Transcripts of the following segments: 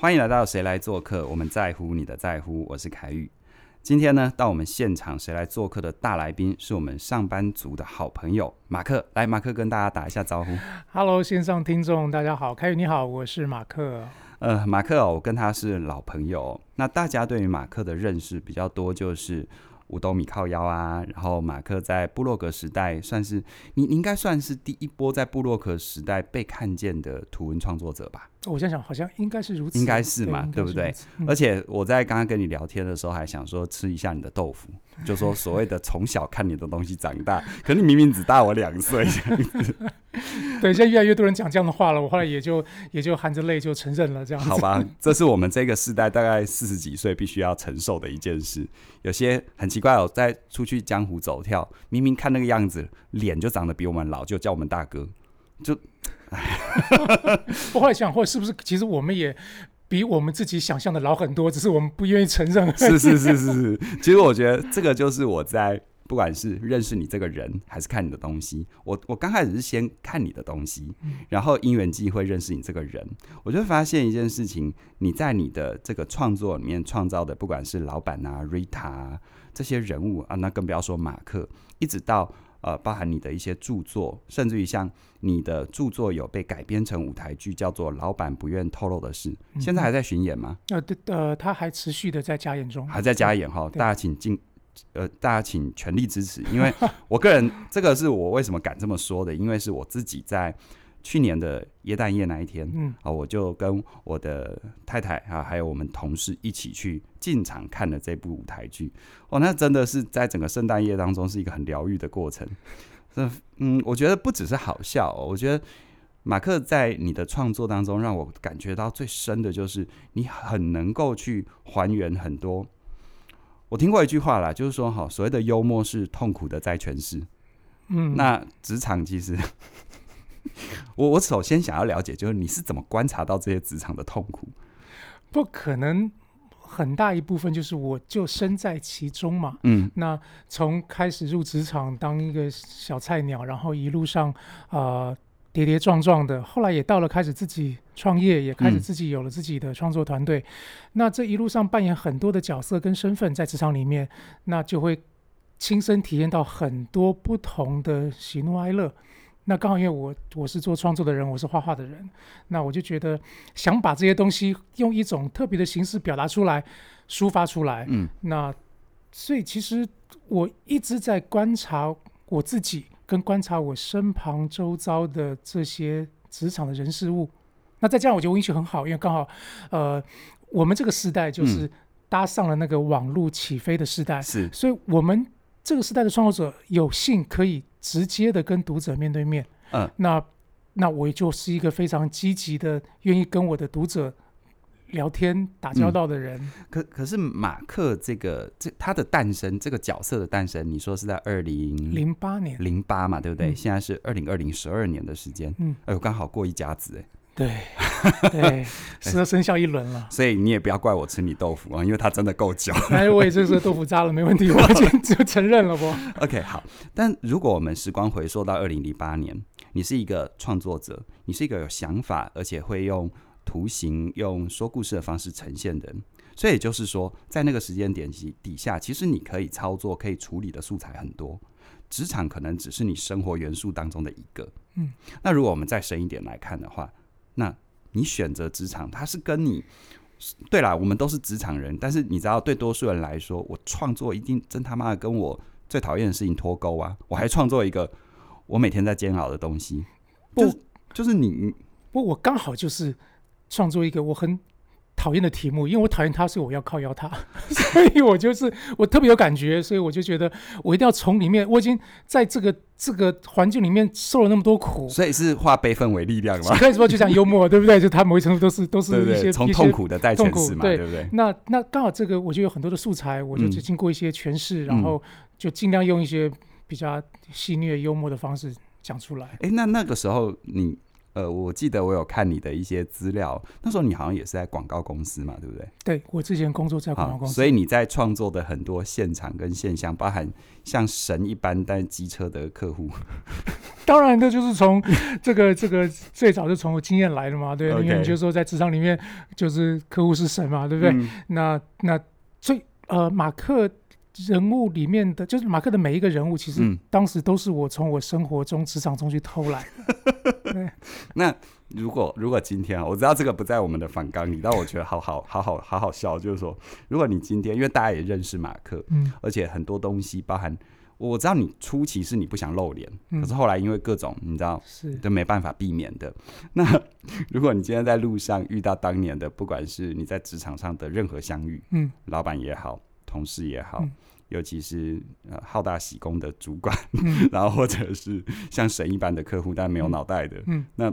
歡迎來到誰來做客，我們在乎你的在乎，我是凱宇。今天呢，到我們現場誰來做客的大來賓是我們上班族的好朋友馬克。來，馬克跟大家打一下招呼。哈嘍，線上聽眾，大家好，凱宇你好，我是馬克。呃，馬克、哦，我跟他是老朋友。那大家對於馬克的認識比較多，就是五斗米靠腰啊。然後馬克在部落格時代算是，你你應該算是第一波在部落格時代被看見的圖文創作者吧。我想想，好像應該是如此，應該是嘛，對，對不對，嗯？而且我在剛剛跟你聊天的時候，還想說吃一下你的豆腐、嗯，就說所謂的從小看你的東西長大。 可是你明明只大我兩歲， 這樣子 對，現在越來越多人講這樣的話了。我後來也就 也就含着淚就承認了。這樣好吧，這是我們這個世代大概四十幾歲必須要承受的一件事。有些很奇怪、哦，我在出去江湖走跳，明明看那個樣子，臉就長得比我們老，就叫我們大哥，就。我 後 想，或是不是，其實我們也比我們自己想象的老很多，只是我們不願意承認。是是是是是， 其實我覺得這個就是我在不管是認識你這個人，還是看你的東西，我我剛開始是先看你的東西，然後因緣際會認識你這個人，我就發現一件事情，你在你的這個創作裡面創造的，不管是老闆啊、Rita 啊這些人物啊，那更不要說馬克，一直到。呃，包含你的一些著作，甚至於像你的著作有被改編成舞台劇，叫做《老板不願透露的事》，嗯，現在還在巡演嗎？呃，對，呃，他還持續的在加演中，還在加演哈。大家請盡，呃，大家請全力支持，因為我個人 這個是我為什麼敢這麼說的，因為是我自己在。去年的耶誕夜那一天，嗯、哦、我就跟我的太太啊，還有我們同事一起去進場看了這部舞台劇。哦，那真的是在整個聖誕夜當中是一個很療癒的過程。嗯，我覺得不只是好笑，我覺得馬克在你的創作當中，讓我感覺到最深的就是你很能夠去還原很多。我聽過一句話啦，就是說哈、哦，所謂的幽默是痛苦的再詮釋。嗯，那職場其實。 我 我首先想要了解，就是你是怎麼觀察到這些職場的痛苦？不可能，很大一部分就是我就身在其中嘛。嗯，那從開始入職場當一個小菜鳥，然後一路上啊、呃、跌跌撞撞的，後來也到了開始自己創業，也開始自己有了自己的創作團隊、嗯。那這一路上扮演很多的角色跟身份在職場裡面，那就會親身體驗到很多不同的喜怒哀樂。那剛好，因為我我是做創作的人，我是畫畫的人，那我就覺得想把這些東西用一種特別的形式表達出來、抒發出來。嗯，那所以其實我一直在觀察我自己，跟觀察我身旁周遭的這些職場的人事物。那再加上我覺得我運氣很好，因為剛好，呃，我們這個時代就是搭上了那個網路起飛的時代。嗯。是，所以我們。這個時代的創作者有幸可以直接的跟讀者面對面。嗯，那那我也就是一個非常積極的、願意跟我的讀者聊天、打交道的人。嗯、可可是馬克這個這他的誕生，這個角色的誕生，你說是在二零零八年零八嘛，對不對？嗯、現在是二零二零十二年的時間，嗯，哎我剛好過一甲子誒。對，哈哈，十二生肖一輪了，哎，所以你也不要怪我吃你豆腐啊，因為它真的夠久。 哎，我也是說豆腐渣了，沒問題， 我就承認了不？OK，好。但如果我們時光回溯到二零零八年，你是一個創作者，你是一個有想法而且會用圖形、用說故事的方式呈現的人，所以也就是說，在那個時間點底下，其實你可以操作、可以處理的素材很多。職場可能只是你生活元素當中的一個。嗯，那如果我們再深一點來看的話。那你選擇職場，他是跟你對啦，我們都是職場人，但是你知道，對多數人來說，我創作一定真他媽的跟我最討厭的事情脫鈎啊！我還創作一個我每天在煎熬的東西，不就，就是你？不，不，我剛好就是創作一個我很討厭的題目，因為我討厭他，所以我要靠腰他， 所以我就是我特別有感覺，所以我就覺得我一定要從裡面，我已經在這個這個環境裡面受了那麼多苦，所以是化悲憤為力量嘛。所以說就講幽默， 對不對？就他某一程度都是都是一些從痛苦的代詮釋嘛，對不對，對，對？那那剛好這個我就有很多的素材，我就只經過一些詮釋、嗯，然後就盡量用一些比較戲謔幽默的方式講出來。誒、欸，那那個時候你。呃，我記得我有看你的一些資料，那時候你好像也是在廣告公司嘛，對不對？對，我之前工作在廣告公司，所以你在創作的很多現場跟現象，包含像神一般但機車的客戶， 當然那就是從這個 這個、這個、最早就從我經驗來的嘛，對，okay. 因為你就說在職場裡面就是客戶是神嘛，對不對？嗯、那那最呃馬克。人物裡面的，就是馬克的每一個人物，其實當時都是我從我生活中、職、嗯、場中去偷來的。 那如果如果今天啊，我知道這個不在我們的訪綱裡，但我覺得好好好好好好笑， 就是說，如果你今天，因為大家也認識馬克，嗯，而且很多東西，包含我知道你初期是你不想露臉，嗯，可是後來因為各種你知道是，都沒辦法避免的。那如果你今天在路上遇到當年的，不管是你在職場上的任何相遇，嗯，老板也好，同事也好。嗯尤其是呃好大喜功的主管，嗯，然後或者是像神一般的客戶，但沒有腦袋的。嗯，那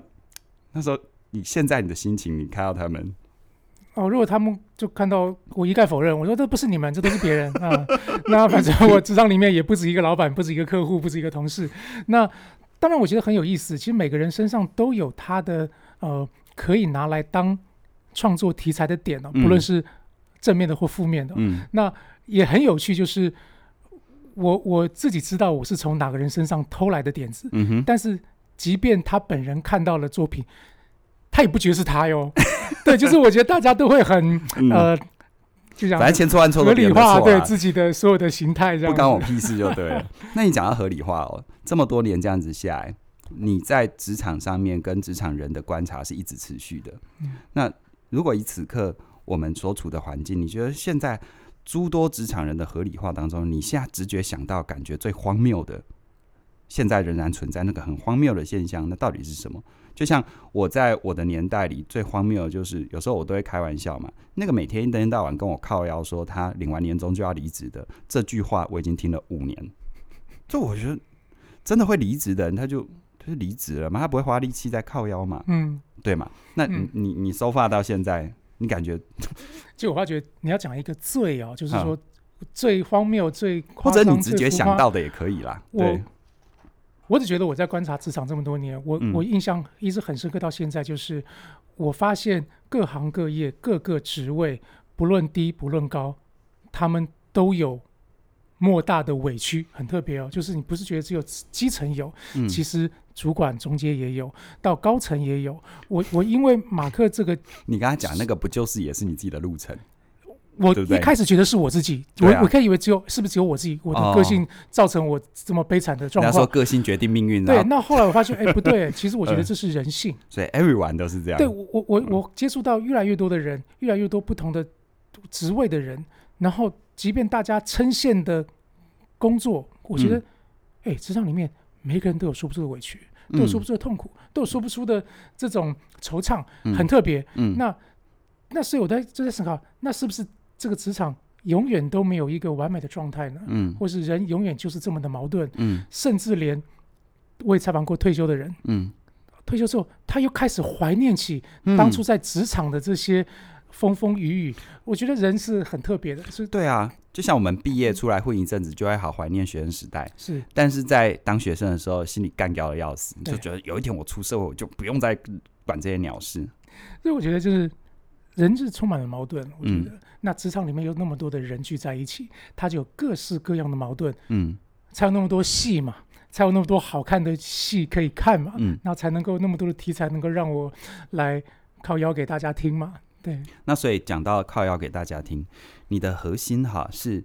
那時候你現在你的心情，你看到他們哦？如果他們就看到我一概否認，我說這不是你們，這都是別人啊、 嗯。那反正我職場裡面也不止一個老闆， 不止一個客戶，不止一個同事。那當然，我覺得很有意思。其實每個人身上都有他的呃可以拿來當創作題材的點呢、哦，不論是、嗯。正面的或負面的，嗯，那也很有趣，就是我我自己知道我是從哪個人身上偷來的點子，嗯哼，但是即便他本人看到了作品，他也不覺得是他喲， 對，就是我覺得大家都會很、嗯、呃，就講反正千錯萬錯合理化，對自己的所有的形態，不關我屁事就對了。 那你講到合理化哦，這麼多年這樣子下來，你在職場上面跟職場人的觀察是一直持續的，嗯，那如果以此刻。我們所處的環境，你覺得現在諸多職場人的合理化當中，你現在直覺想到、感覺最荒謬的，現在仍然存在那個很荒謬的現象，那到底是什麼？就像我在我的年代裡最荒謬的就是，有時候我都會開玩笑嘛。那個每天一天到晚跟我靠腰說他領完年終就要離職的這句話，我已經聽了五年。就我覺得真的會離職的人，他就他就離職了嘛，他不會花力氣在靠腰嘛？嗯，對嘛？那你你、嗯、你收發到現在？你感覺？就我發覺，你要講一個最啊，就是說最荒謬、最，最誇張，或者你直接想到的也可以啦。對，我只覺得我在觀察職場這麼多年，我、嗯、我印象一直很深刻到現在，就是我發現各行各業各個職位，不論低不論高，他們都有。莫大的委屈，很特別哦，就是你不是覺得只有基層有、嗯，其實主管中間也有，到高層也有。我我因為馬克這個， 你剛才講那個不就是也是你自己的路程？我一開始覺得是我自己，啊、我我可以以為只有是不是只有我自己，我的個性造成我這麼悲慘的狀況。你要、哦、說個性決定命運呢？對，那後來我發現，哎、欸，不對、欸，其實我覺得這是人性 呃。所以 everyone 都是這樣。對，我我我接觸到越來越多的人，嗯、越來越多不同的職位的人。然後，即便大家稱羨的工作，我覺得，哎、嗯，職場裡面每一個人都有說不出的委屈，嗯、都有說不出的痛苦，都有說不出的這種惆悵、嗯，很特別。嗯，那，那所以我在就在思考，那是不是這個職場永遠都沒有一個完美的狀態呢？嗯，或是人永遠就是這麼的矛盾？嗯，甚至連我也採訪過退休的人，嗯，退休之後他又開始懷念起當初在職場的這些。風風雨雨，我覺得人是很特別的，是。對啊，就像我們畢業出來混一陣子，就會好懷念學生時代。是，但是在當學生的時候，心裡幹譙得要死，就覺得有一天我出社會，我就不用再管這些鳥事。所以我覺得，就是人是充滿了矛盾我覺得。嗯。那職場裡面有那麼多的人聚在一起，他就有各式各樣的矛盾。嗯。才有那麼多戲嘛。才有那麼多好看的戲可以看嘛。嗯。那才能夠那麼多的題材，能夠讓我來靠腰給大家聽嘛。對，那所以講到靠腰給大家聽，你的核心哈是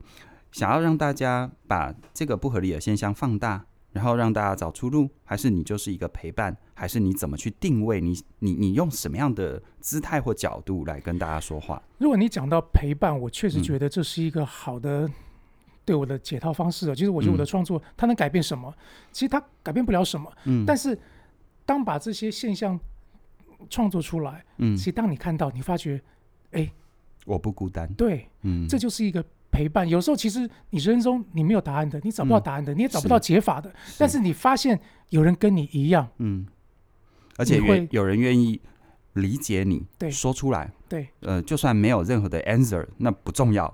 想要讓大家把這個不合理的現象放大，然後讓大家找出路，還是你就是一個陪伴，還是你怎麼去定位你你你用什麼樣的姿態或角度來跟大家說話？如果你講到陪伴，我確實覺得這是一個好的對我的解套方式。嗯，其實我覺得我的創作它能改變什麼？其實它改變不了什麼。嗯，但是當把這些現象。創作出來，嗯，其實當你看到，你發覺，哎，我不孤單，對，嗯，這就是一個陪伴。有時候其實你人生中你沒有答案的，你找不到答案的，嗯、你也找不到解法的，但是你發現有人跟你一樣，嗯，而且會有人願意理解你，對，說出來，對，對，呃，就算沒有任何的 answer，那不重要，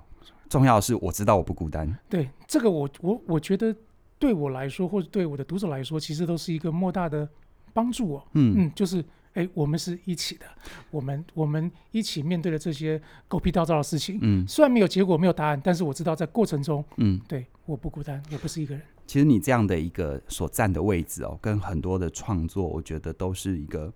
重要的是我知道我不孤單。對，這個我我我覺得對我來說，或者對我的讀者來說，其實都是一個莫大的幫助哦，嗯嗯，就是。哎、欸，我們是一起的，我們我們一起面對了這些狗屁倒灶的事情。嗯，雖然沒有結果，沒有答案，但是我知道在過程中，嗯，對，我不孤單，也不是一個人。其實你這樣的一個所站的位置哦，跟很多的創作，我覺得都是一個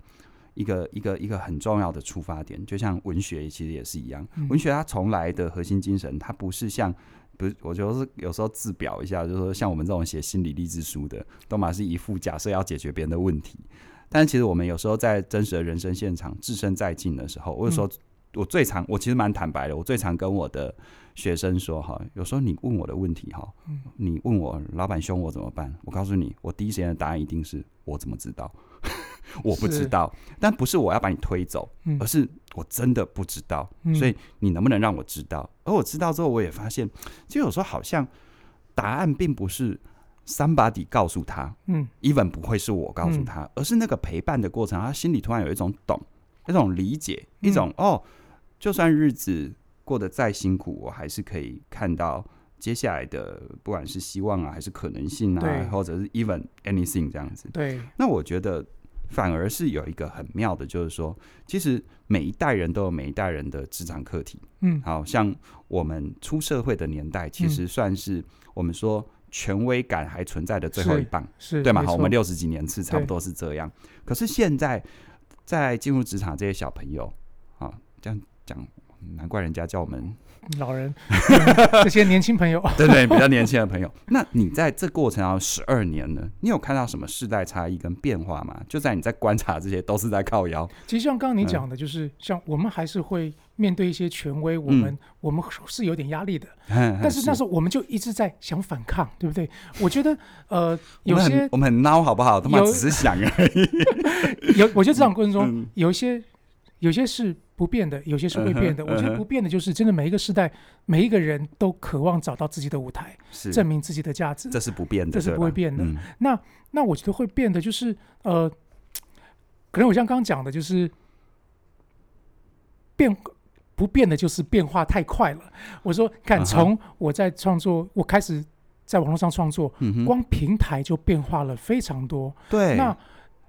一個一個一個很重要的出發點。就像文學，其實也是一樣。嗯、文學它從來的核心精神，它不是像不是，我覺得是有時候自表一下，就是說像我們這種寫心理勵志書的，都嘛是一副假設要解決別人的問題。但是其實我們有時候在真實的人生現場，置身在境的時候，我有時候我最常、嗯、我其實蠻坦白的，我最常跟我的學生說哈，有時候你問我的問題哈，你問我老闆兇我怎麼辦，我告訴你，我第一時間的答案一定是我怎麼知道， 我不知道，但不是我要把你推走，而是我真的不知道，嗯、所以你能不能讓我知道？而我知道之後，我也發現，就有時候好像答案並不是。somebody 告訴他，嗯，even 不會是我告訴他、嗯，而是那個陪伴的過程，他心裡突然有一種懂，一種理解，嗯、一種哦，就算日子過得再辛苦，我還是可以看到接下來的，不管是希望啊，還是可能性啊，或者是 even anything 這樣子，對。那我覺得反而是有一個很妙的，就是說，其實每一代人都有每一代人的職場課題，嗯，好像我們出社會的年代，其實算是我們說，嗯嗯權威感還存在的最後一棒，對嗎？好，我們六十幾年次差不多是這樣。可是現在在進入職場這些小朋友，啊，這樣講，難怪人家叫我們老人，嗯，這些年輕朋友， 對，對對，比較年輕的朋友。那你在這過程當中，十二年呢，你有看到什麼世代差異跟變化嗎？就在你在觀察，這些都是在靠腰。其實像剛剛你講的，就是、嗯、像我們還是會面對一些權威，我們、嗯、我們是有點壓力的、嗯嗯。但是那時候我們就一直在想反抗，對不對？我覺得呃有，有些我們很孬，好不好？都嘛只是想而已。 有，我覺得這場過程中、嗯、有一些。有些是不變的，有些是會變的。Uh -huh, uh -huh. 我覺得不變的就是，真的每一個時代，每一個人都渴望找到自己的舞台，是證明自己的價值，這是不變的，這是不會變的。那那我覺得會變的，就是呃，可能我像剛剛講的，就是變不變的，就是變化太快了。我說敢，從我在創作，uh -huh. 我開始在網絡上創作，uh -huh. 光平台就變化了非常多。對，那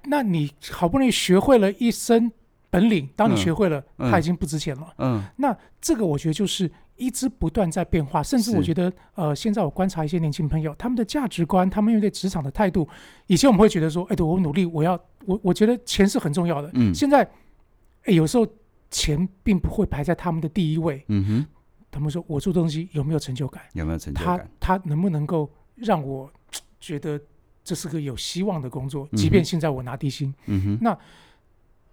那你好不容易學會了一身。本領，當你學會了、嗯嗯，他已經不值錢了。嗯，那這個我覺得就是一直不斷在變化、嗯，甚至我覺得，呃，現在我觀察一些年輕朋友，他們的價值觀，他們面對職場的態度，以前我們會覺得說，哎、欸，我努力，我要，我我覺得錢是很重要的。嗯，現在、欸，有時候錢並不會排在他們的第一位。嗯哼，他們說我做東西有沒有成就感？有沒有成就感？他他能不能夠讓我覺得這是個有希望的工作？嗯、即便現在我拿低薪。嗯哼，那。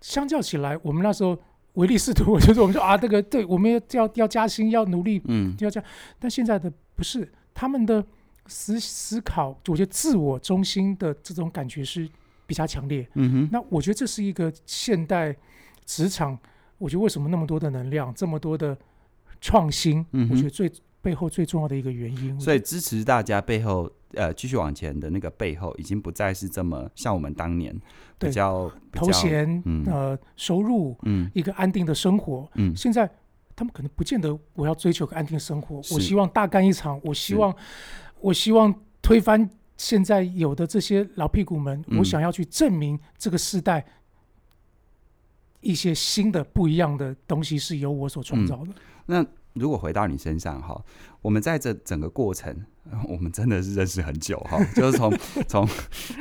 相較起來，我們那時候唯利是圖，就是我們說啊，這個對，我們要要要加薪，要努力，嗯，就要加、嗯。但現在的不是他們的思思考，我覺得自我中心的這種感覺是比較強烈。嗯哼，那我覺得這是一個現代職場，我覺得為什麼那麼多的能量，這麼多的創新，嗯，我覺得最。背後最重要的一個原因，所以支持大家背後呃、繼續往前的那個背後，已經不再是這麼像我們當年比較對頭銜、嗯、呃收入、嗯，一個安定的生活嗯，現在他們可能不見得我要追求個安定生活，嗯，我希望大幹一場，我希望我希望推翻現在有的這些老屁股們，嗯、我想要去證明這個時代一些新的不一樣的東西是由我所創造的、嗯、那。如果回到你身上哈，我們在這整個過程，我們真的是認識很久哈，就是從從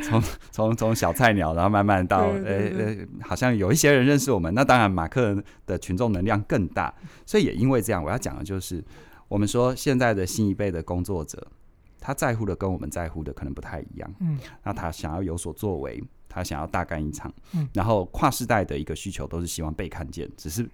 從從從小菜鳥，然後慢慢到呃呃、欸，好像有一些人認識我們，那當然馬克人的群眾能量更大，所以也因為這樣，我要講的就是，我們說現在的新一輩的工作者，他在乎的跟我們在乎的可能不太一樣，嗯，那他想要有所作為，他想要大幹一場，嗯，然後跨世代的一個需求都是希望被看見，只是。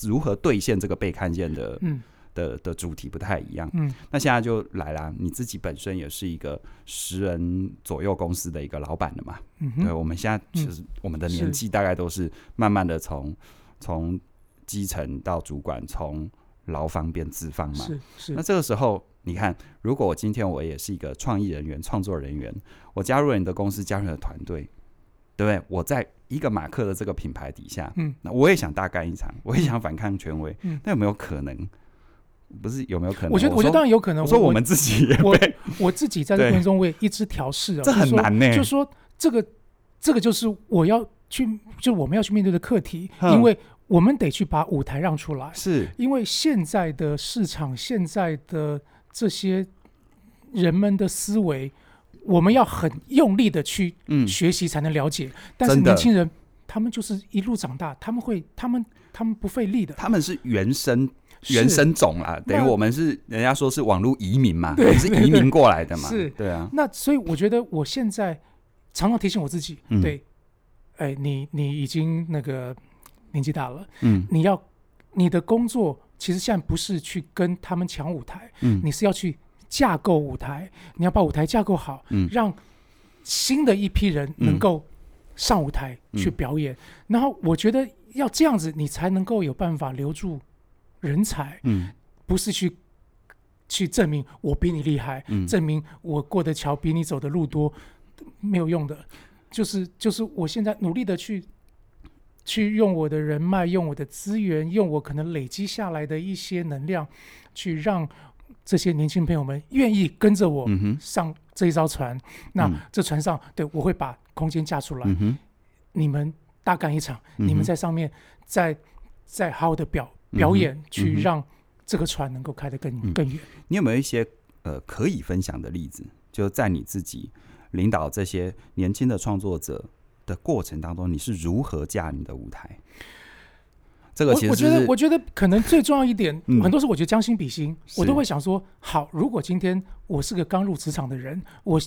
如何兌現這個被看見的、嗯、的的主題不太一樣。嗯、那現在就來了，你自己本身也是一個十人左右公司的一個老闆了嘛、嗯？對，我們現在其實我們的年紀大概都是慢慢的從從、嗯、基層到主管，從勞方變資方嘛。是是。那這個時候，你看，如果我今天我也是一個創意人員、創作人員，我加入你的公司，加入了團隊，對不對？我在。一個馬克的這個品牌底下，嗯，那我也想大幹一場，我也想反抗權威，嗯，那有沒有可能？不是有沒有可能？我覺得，我，我覺得當然有可能。我說我們自己也，我我，我自己在這過程中也一直調試啊，這很難呢，就是。就說這個，這個就是我要去，就我們要去面對的課題，嗯，因為我們得去把舞台讓出來，是因為現在的市場，現在的這些人們的思維。我們要很用力的去學習，才能了解。嗯、但是年輕人，他們就是一路長大，他們會，他們，他們不費力的。他們是原生原生種啊，等於我們是人家說是網絡移民嘛，我們是移民過來的嘛，對對對，是，對啊。那所以我覺得我現在常常提醒我自己，嗯、對，哎、欸，你你已經那個年紀大了，嗯，你要你的工作其實現在不是去跟他們搶舞台，嗯，你是要去。架構舞台，你要把舞台架構好，嗯、讓新的一批人能夠上舞台去表演，嗯。然後我覺得要這樣子，你才能夠有辦法留住人才。嗯，不是去去證明我比你厲害，嗯，證明我過的橋比你走的路多，嗯，沒有用的。就是就是，我現在努力的去去用我的人脈，用我的資源，用我可能累積下來的一些能量，去讓。這些年輕朋友們願意跟着我上這一艘船，嗯、那這船上、嗯、對我會把空間架出來，嗯、你們大幹一場、嗯，你們在上面再再好，好的表、嗯、表演，去讓這個船能夠開得更、嗯、更遠。你有沒有一些呃可以分享的例子？就是在你自己領導這些年輕的創作者的過程當中，你是如何架你的舞台？這個其實是我，我覺得，我覺得可能最重要一點，嗯、很多時候我覺得將心比心、嗯，我都會想說：好，如果今天我是個剛入職場的人，我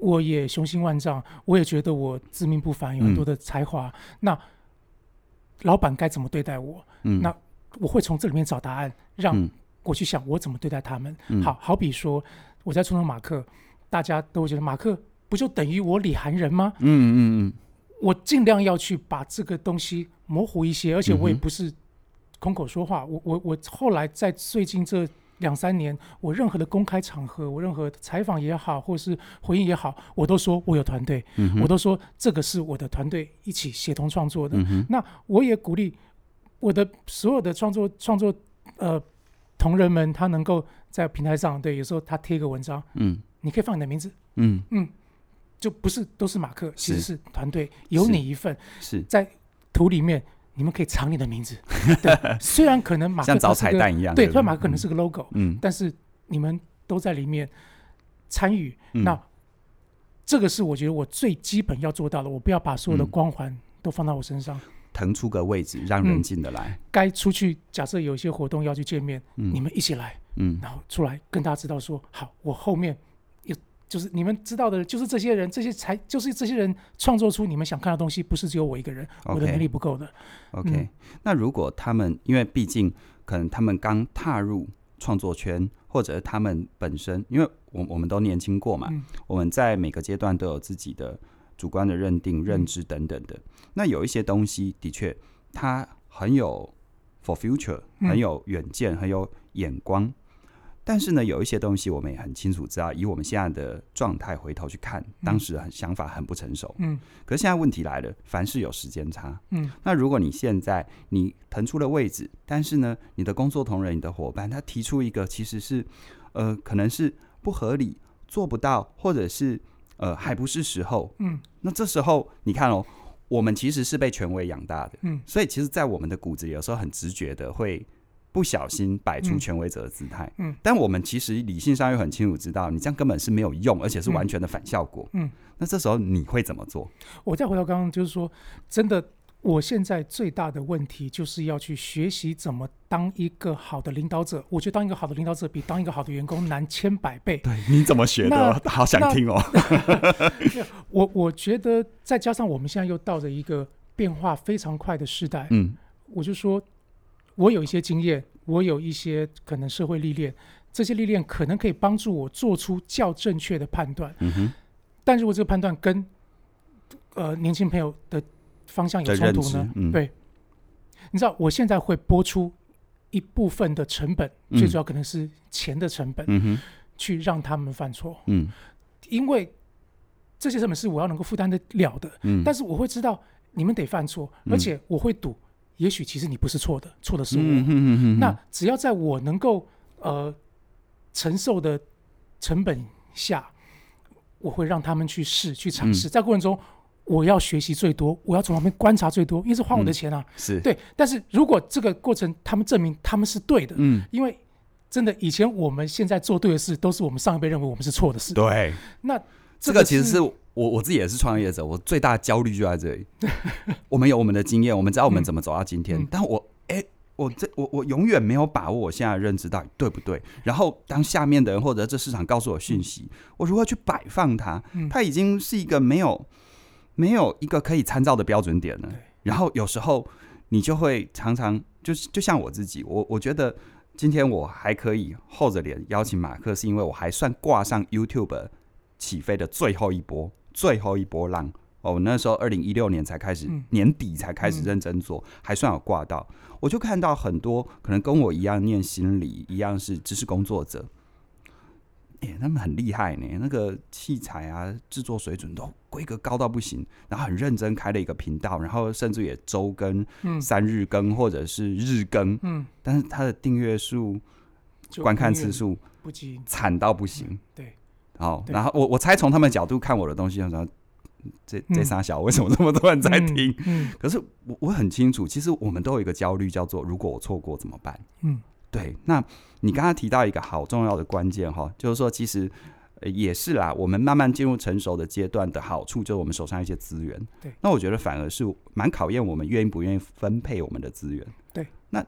我也雄心萬丈，我也覺得我自命不凡，有很多的才華，嗯、那老板該怎麼對待我、嗯？那我會從這裡面找答案，讓我去想我怎麼對待他們。嗯、好，好比說我在沖重馬克，大家都會覺得馬克不就等於我李寒人嗎？嗯嗯嗯，我儘量要去把這個東西。模糊一些，而且我也不是空口說話。嗯、我我我後來在最近這兩三年，我任何的公開場合，我任何採訪也好，或是回應也好，我都說我有團隊、嗯，我都說這個是我的團隊一起協同創作的、嗯。那我也鼓勵我的所有的創作創作呃同仁們，他能夠在平台上對，有時候他貼一個文章，嗯，你可以放你的名字，嗯嗯，就不是都是馬克，其實是團隊有你一份，是，是在。圖裡面，你們可以藏你的名字。 對，雖然可能馬克像找彩蛋一樣，是是，對，雖然馬克可能是個 logo、嗯嗯、但是你們都在裡面參與、嗯。那這個是我覺得我最基本要做到的，我不要把所有的光環都放到我身上，嗯、騰出個位置讓人進得來。該、嗯、出去，假設有一些活動要去見面、嗯，你們一起來，嗯，然後出來跟大家知道說，好，我後面。就是你們知道的，就是這些人，這些才就是這些人創作出你們想看的東西，不是只有我一個人，Okay. 我的能力不夠的。OK，、嗯、那如果他們，因為畢竟可能他們剛踏入創作圈，或者是他們本身，因為我我們都年輕過嘛、嗯，我們在每個階段都有自己的主觀的認定、嗯、認知等等的。那有一些東西的確，它很有 for future，很有遠見，嗯、很有眼光。但是呢，有一些東西我們也很清楚知道，以我們現在的狀態回頭去看，嗯，當時很想法很不成熟。嗯，可是現在問題來了，凡事有時間差，嗯，那如果你現在你騰出了位置，但是呢，你的工作同仁、你的夥伴他提出一個，其實是呃，可能是不合理、做不到，或者是呃，還不是時候。嗯，那這時候你看哦，我們其實是被權威養大的，嗯，所以其實，在我們的骨子裡，有時候很直覺的會。不小心擺出權威者的姿態。嗯，嗯，但我們其實理性上又很清楚知道，你這樣根本是沒有用，而且是完全的反效果。嗯，嗯，那這時候你會怎麼做？我再回到剛剛，就是說，真的，我現在最大的問題就是要去學習怎麼當一個好的領導者。我覺得當一個好的領導者比當一個好的員工難千百倍。對，你怎麼學的？ 好想聽哦。 我我覺得再加上我們現在又到了一個變化非常快的時代，嗯，我就說。我有一些經驗，我有一些可能社會歷練，這些歷練可能可以幫助我做出較正確的判斷。嗯哼、但如果這個判斷跟呃年輕朋友的方向有衝突呢？對、嗯？對，你知道我現在會撥出一部分的成本，嗯、最主要可能是錢的成本。嗯哼、去讓他們犯錯。嗯、因為這些成本是我要能夠負擔得了的、嗯。但是我會知道你們得犯錯，嗯、而且我會賭。也許其實你不是錯的，錯的是我。嗯哼哼哼哼。那只要在我能夠呃承受的成本下，我會讓他們去試去嘗試，嗯，在過程中我要學習最多，我要從旁邊觀察最多，因為是花我的錢啊。嗯，是對，但是如果這個過程他們證明他們是對的，嗯，因為真的以前我們現在做對的事，都是我們上一輩認為我們是錯的事。對，那這個，這個其實是。我我自己也是創業者，我最大的焦慮就在這裡。 我們有我們的經驗，我們知道我們怎麼走到今天。嗯嗯、但我，誒、欸，我這我我永遠沒有把握，我現在認知到底對不對？然後當下面的人或者這市場告訴我訊息、嗯，我如何去擺放它、嗯？它已經是一個沒有沒有一個可以參照的標準點了、嗯。然後有時候你就會常常就是就像我自己，我我覺得今天我還可以厚着臉邀請馬克，是因為我還算掛上 YouTube 起飛的最後一波。最後一波浪，哦，那時候二零一六年才開始、嗯，年底才開始認真做，嗯、還算有掛到。我就看到很多可能跟我一樣念心理，一樣是知識工作者，欸、他們很厲害呢。那個器材啊，制作水準都規格高到不行，然後很認真開了一個頻道，然後甚至也周更、嗯、三日更或者是日更，嗯，但是他的訂閱數、觀看次數不濟，慘到不行，嗯、對。好、oh，然後我我猜從他們角度看我的東西，然後這這仨小為什麼這麼多人在聽、嗯嗯嗯。可是我我很清楚，其實我們都有一個焦慮，叫做如果我錯過怎麼辦？嗯，對。那你剛剛提到一個好重要的關鍵哈，就是說其實、呃、也是啦，我們慢慢進入成熟的階段的好處，就是我們手上一些資源。對，那我覺得反而是蠻考驗我們願意不願意分配我們的資源。對，那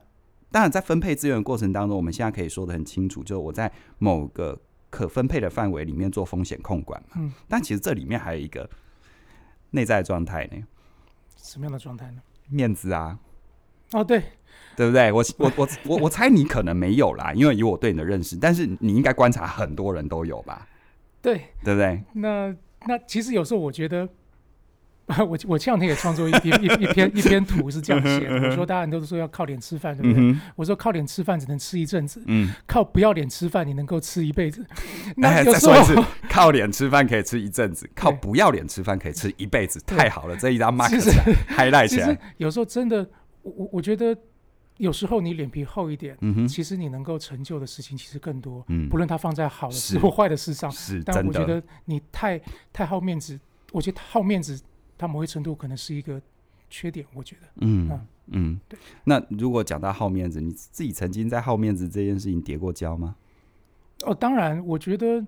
當然在分配資源的過程當中，我們現在可以說得很清楚，就我在某個。可分配的範圍裡面做風險控管嘛。嗯，但其實這裡面還有一個內在狀態呢。什麼樣的狀態呢？面子啊！哦，對，對不對？我我我我 我猜你可能沒有啦，因為以我對你的認識，但是你應該觀察很多人都有吧？對，對不對？那那其實有時候我覺得。 我我前兩天也創作一篇 一,一篇一篇圖是這樣寫的， 我說大家很多都說要靠臉吃飯，對不對？嗯嗯，我說靠臉吃飯只能吃一陣子，嗯嗯，靠不要臉吃飯你能夠吃一輩子。 那還再說一次， 靠臉吃飯可以吃一陣子，靠不要臉吃飯可以吃一輩子，太好了！這一張馬克 highlight 起來。其實有時候真的，我我我覺得有時候你臉皮厚一點，嗯嗯，其實你能夠成就的事情其實更多，嗯、不論它放在好的事或壞的事上。是，是但我覺得你太太好面子，我覺得好面子他某一程度可能是一個缺點，我覺得。嗯嗯，對。那如果講到好面子，你自己曾經在好面子這件事情跌過跤嗎？哦，當然，我覺得，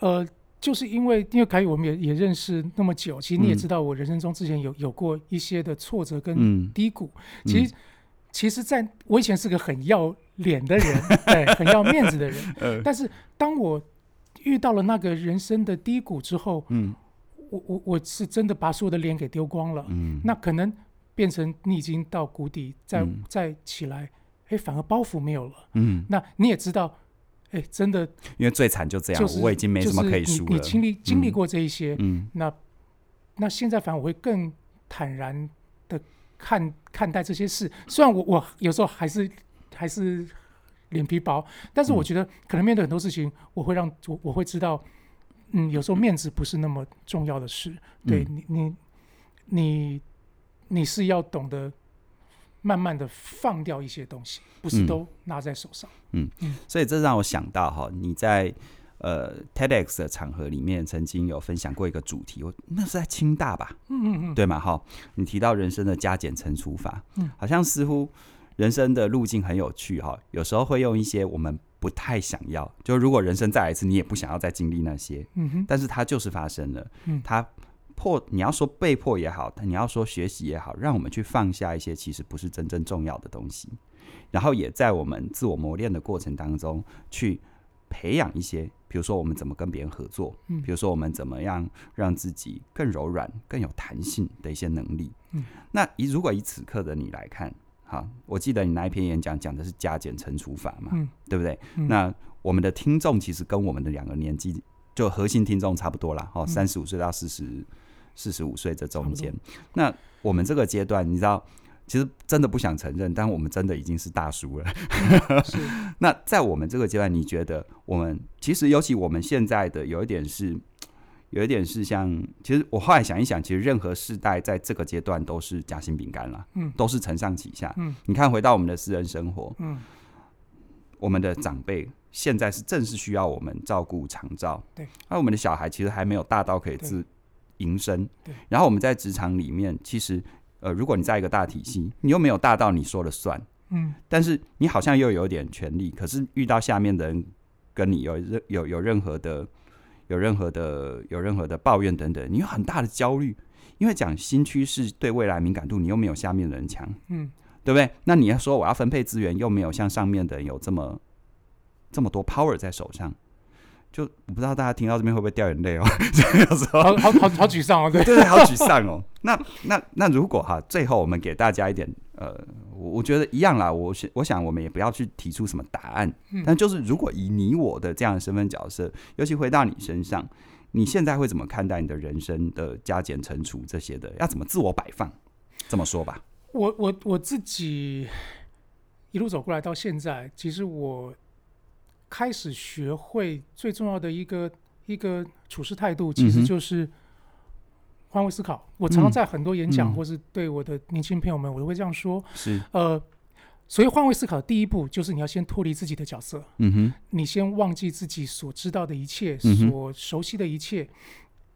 呃，就是因為因為凱宇我們也也認識那麼久，其實你也知道，我人生中之前有、嗯、有過一些的挫折跟低谷。其、嗯、實，其實，嗯、其實在我以前是個很要臉的人， 對，很要面子的人。 呃、但是，當我遇到了那個人生的低谷之後，嗯。我我我是真的把所有的臉給丟光了，嗯，那可能變成你已經到谷底再，再、嗯、再起來，哎、欸，反而包袱沒有了，嗯，那你也知道，哎、欸，真的，因為最慘就這樣、就是，我已經沒什麼可以輸了。你你經歷經歷過這一些，嗯，那那現在反而我會更坦然的看看待這些事。雖然我我有時候還是還是臉皮薄，但是我覺得可能面對很多事情，我會讓我我會知道。嗯，有時候面子不是那麼重要的事，嗯、對你，你，你，你是要懂得慢慢的放掉一些東西，不是都拿在手上。嗯嗯，所以這讓我想到哈，你在呃 TEDx 的場合裡面曾經有分享過一個主題，我那是在清大吧，嗯嗯嗯，對嗎？哈，你提到人生的加減乘除法，嗯，好像似乎人生的路徑很有趣哈，有時候會用一些我們。不太想要，就如果人生再來一次，你也不想要再經歷那些。嗯哼，但是它就是發生了。嗯，它迫，你要說被迫也好，但你要說學習也好，讓我們去放下一些其實不是真正重要的東西，然後也在我們自我磨練的過程當中去培養一些，比如說我們怎麼跟別人合作，嗯，比如說我們怎麼樣讓自己更柔軟、更有彈性的一些能力。嗯，那以，如果以此刻的你來看。好，我記得你那一篇演講講的是加減乘除法嘛，嗯，對不對，嗯？那我們的聽眾其實跟我們的兩個年紀就核心聽眾差不多啦。哦，三十五歲到四十四十五歲這中間，嗯，那我們這個階段，你知道，其實真的不想承認，但我們真的已經是大叔了。嗯、是， 那在我們這個階段，你覺得我們其實尤其我們現在的有一點是。有一點是像，其實我後來想一想，其實任何世代在這個階段都是夾心餅乾了，嗯，都是承上啟下。嗯，你看，回到我們的私人生活，嗯，我們的長輩現在是正是需要我們照顧長照，對，而我們的小孩其實還沒有大到可以自營生對，對。然後我們在職場裡面，其實呃，如果你在一個大體系，你又沒有大到你說了算，嗯，但是你好像又有點權力。可是遇到下面的人跟你有任有有，有任何的。有任何的有任何的抱怨等等，你有很大的焦慮，因為講新趨勢對未來敏感度，你又沒有下面的人強，嗯，對不對？那你要說我要分配資源，又沒有像上面的人有這麼這麼多 power 在手上。就我不知道大家聽到這邊會不會掉眼淚哦。 有時候好，就好好好沮喪哦，對對 對，好沮喪哦。那那那如果哈，最後我們給大家一點呃，我我覺得一樣啦。我我想我們也不要去提出什麼答案，嗯，但就是如果以你我的這樣的身份角色，尤其回到你身上，你現在會怎麼看待你的人生的加減乘除這些的？要怎麼自我擺放？這麼說吧，我我我自己一路走過來到現在，其實我。開始學會最重要的一個一個處事態度，其實就是換位思考。嗯、我常常在很多演講、嗯、或是對我的年輕朋友們，我都會這樣說：是呃，所以換位思考第一步就是你要先脫離自己的角色。嗯哼，你先忘記自己所知道的一切、嗯，所熟悉的一切，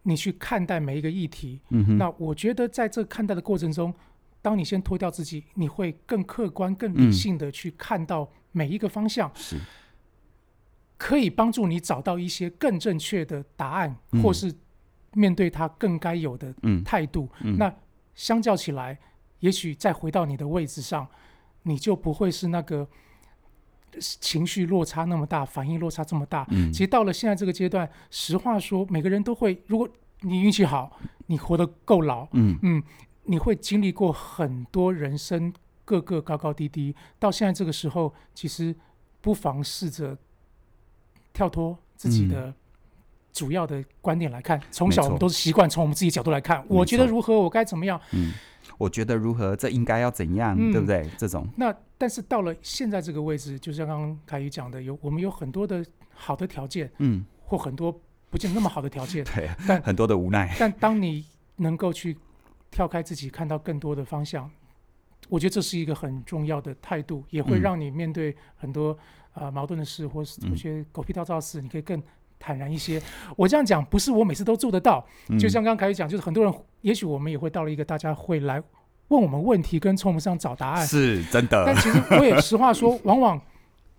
你去看待每一個議題。嗯哼，那我覺得在這看待的過程中，當你先脫掉自己，你會更客觀、更理性的去看到每一個方向。嗯、是。可以幫助你找到一些更正確的答案，嗯，或是面對他更該有的態度，嗯嗯。那相較起來，也許再回到你的位置上，你就不會是那個情緒落差那麼大，反應落差這麼大。嗯，其實到了現在這個階段，實話說，每個人都會。如果你運氣好，你活得夠老，嗯嗯，你會經歷過很多人生各個，個高高低低。到現在這個時候，其實不妨試着。跳脫自己的主要的觀點來看，嗯、從小我們都是習慣從我們自己角度來看，我覺得如何，我該怎麼樣？嗯，我覺得如何，這應該要怎樣、嗯，對不對？這種。那但是到了現在這個位置，就像剛剛凱宇講的，有我們有很多的好的條件，嗯，或很多不見那麼好的條件，對，但很多的無奈。但當你能夠去跳開自己，看到更多的方向。我覺得這是一個很重要的態度，也會讓你面對很多啊、嗯呃、矛盾的事，或是有些狗屁倒灶事、嗯，你可以更坦然一些。我這樣講不是我每次都做得到，嗯、就像剛剛開始講，就是很多人，也許我們也會到了一個大家會來問我們問題，跟從我們身上找答案，是真的。但其實我也實話說， 往往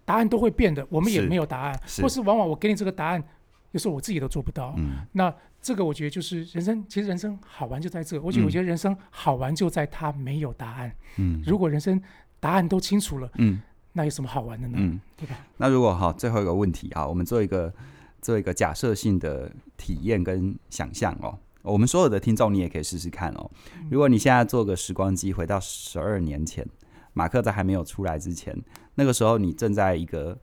答案都會變的，我們也沒有答案，或是往往我給你這個答案，有時候我自己都做不到。嗯、那。這個我覺得就是人生，其實人生好玩就在這。我覺得我覺得人生好玩就在它沒有答案。嗯。如果人生答案都清楚了，嗯，那有什麼好玩的呢？嗯，對吧？那如果哈，最後一個問題啊，我們做一個做一個假設性的體驗跟想象哦，我們所有的聽眾你也可以試試看哦。如果你現在做個時光機回到十二年前，馬克在還沒有出來之前，那個時候你正在一個。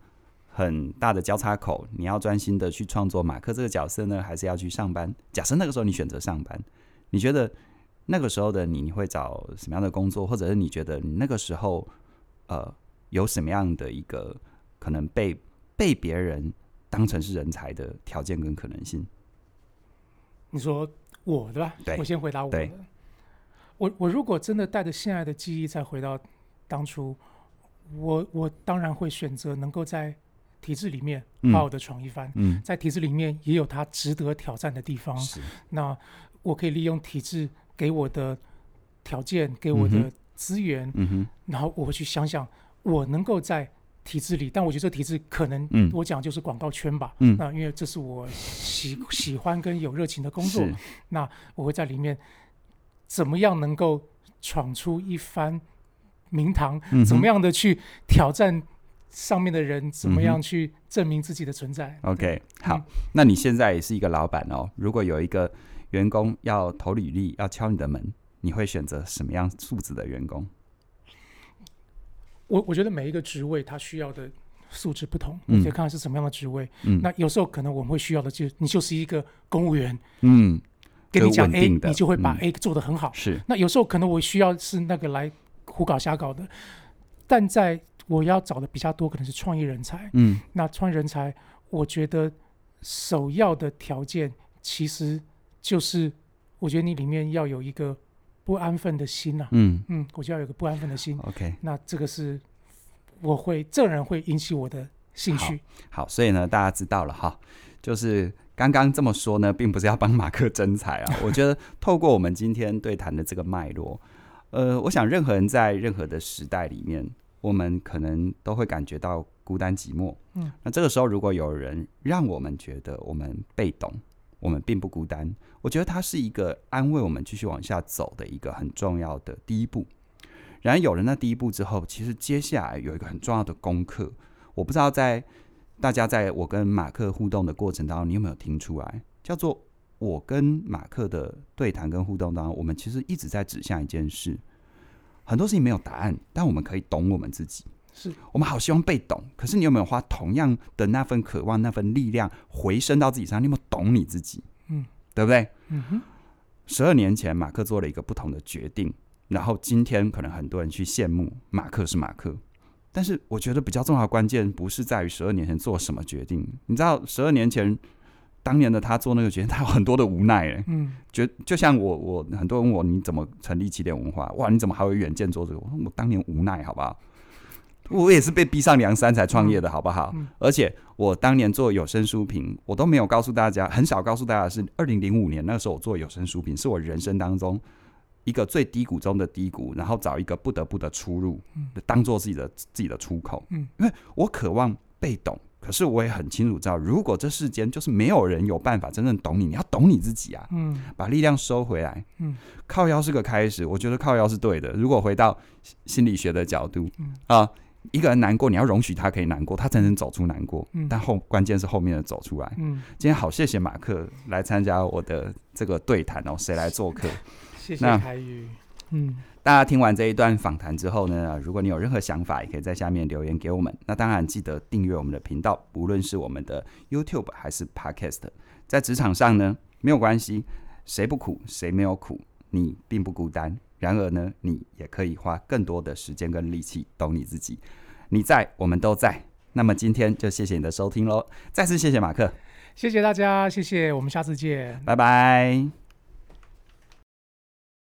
很大的交叉口，你要專心的去創作馬克這個角色呢，還是要去上班？假設那個時候你選擇上班，你覺得那個時候的你，你會找什麼樣的工作，或者是你覺得你那個時候呃有什麼樣的一個可能被被別人當成是人才的條件跟可能性？你說我對吧？對，我先回答我。我我如果真的帶着現在的記憶再回到當初，我我當然會選擇能夠在體制裡面好好的闖一番、嗯嗯，在體制裡面也有他值得挑戰的地方。是，那我可以利用體制給我的條件、給我的資源、嗯嗯，然後我會去想想我能夠在體制裡。但我覺得這體制可能，我講就是廣告圈吧、嗯嗯。那因為這是我喜喜歡跟有熱情的工作，那我會在裡面怎麼樣能夠闖出一番名堂、嗯？怎麼樣的去挑戰？上面的人怎麼樣去證明自己的存在、嗯、？OK，好、嗯。那你現在也是一個老闆哦。如果有一個員工要投履歷，要敲你的門，你會選擇什麼樣素質的員工？我我覺得每一個職位他需要的素質不同，就、嗯、看看是什麼樣的職位。嗯，那有時候可能我們會需要的就是、你就是一個公務員。嗯，給你講 A，你就會把 A 做的很好、嗯。是，那有時候可能我需要是那個來胡搞瞎搞的，但在。我要找的比較多可能是創意人才。嗯，那創意人才，我覺得首要的條件其實就是，我覺得你裡面要有一個不安分的心啊。嗯嗯，我就要有一個不安分的心。OK，那這個是我會，這人會引起我的興趣。好，好，所以呢，大家知道了哈，就是剛剛這麼說呢，並不是要幫馬克徵才啊。 我覺得透過我們今天對談的這個脈絡，呃，我想任何人在任何的時代裡面。我們可能都會感覺到孤單寂寞，嗯，那這個時候如果有人讓我們覺得我們被懂，我們並不孤單，我覺得它是一個安慰我們繼續往下走的一個很重要的第一步。然而有了那第一步之後，其實接下來有一個很重要的功課，我不知道在大家在我跟馬克互動的過程當中，你有沒有聽出來？叫做我跟馬克的對談跟互動當中，我們其實一直在指向一件事。很多事情沒有答案，但我們可以懂我們自己。是我們好希望被懂，可是你有沒有花同樣的那份渴望、那份力量回身到自己身上？你有沒有懂你自己？嗯，對不對？嗯哼。十二年前，馬克做了一個不同的決定，然後今天可能很多人去羨慕馬克是馬克，但是我覺得比較重要的關鍵不是在於十二年前做什麼決定。你知道，十二年前。當年的他做那個決定，他有很多的無奈哎，嗯，覺就像我，我很多人問我，你怎麼成立啟點文化？哇，你怎麼還有遠見做這個？我當年無奈，好不好？我也是被逼上梁山才創業的，好不好？嗯、而且我當年做有聲書評，我都沒有告訴大家，很少告訴大家。是二零零五年那時候我做有聲書評，是我人生當中一個最低谷中的低谷，然後找一個不得不的出路，當做自己的自己的出口，嗯，因為我渴望被懂。可是我也很清楚知道，如果這世間就是沒有人有辦法真正懂你，你要懂你自己啊！嗯，把力量收回來，嗯，靠腰是個開始，我覺得靠腰是對的。如果回到心理學的角度，啊、嗯呃，一個人難過，你要容許他可以難過，他才能走出難過。嗯，但後關鍵是後面的走出來。嗯，今天好，謝謝馬克來參加我的這個對談哦，誰來做客？ 謝謝凱宇嗯，大家聽完這一段訪談之後呢，如果你有任何想法，也可以在下面留言給我們。那當然記得訂閱我們的頻道，無論是我們的 YouTube 還是 Podcast。在職場上呢，沒有關係，誰不苦誰沒有苦，你並不孤單。然而呢，你也可以花更多的時間跟力氣懂你自己。你在，我們都在。那麼今天就謝謝你的收聽嘍，再次謝謝馬克，謝謝大家，謝謝，我們下次見，拜拜。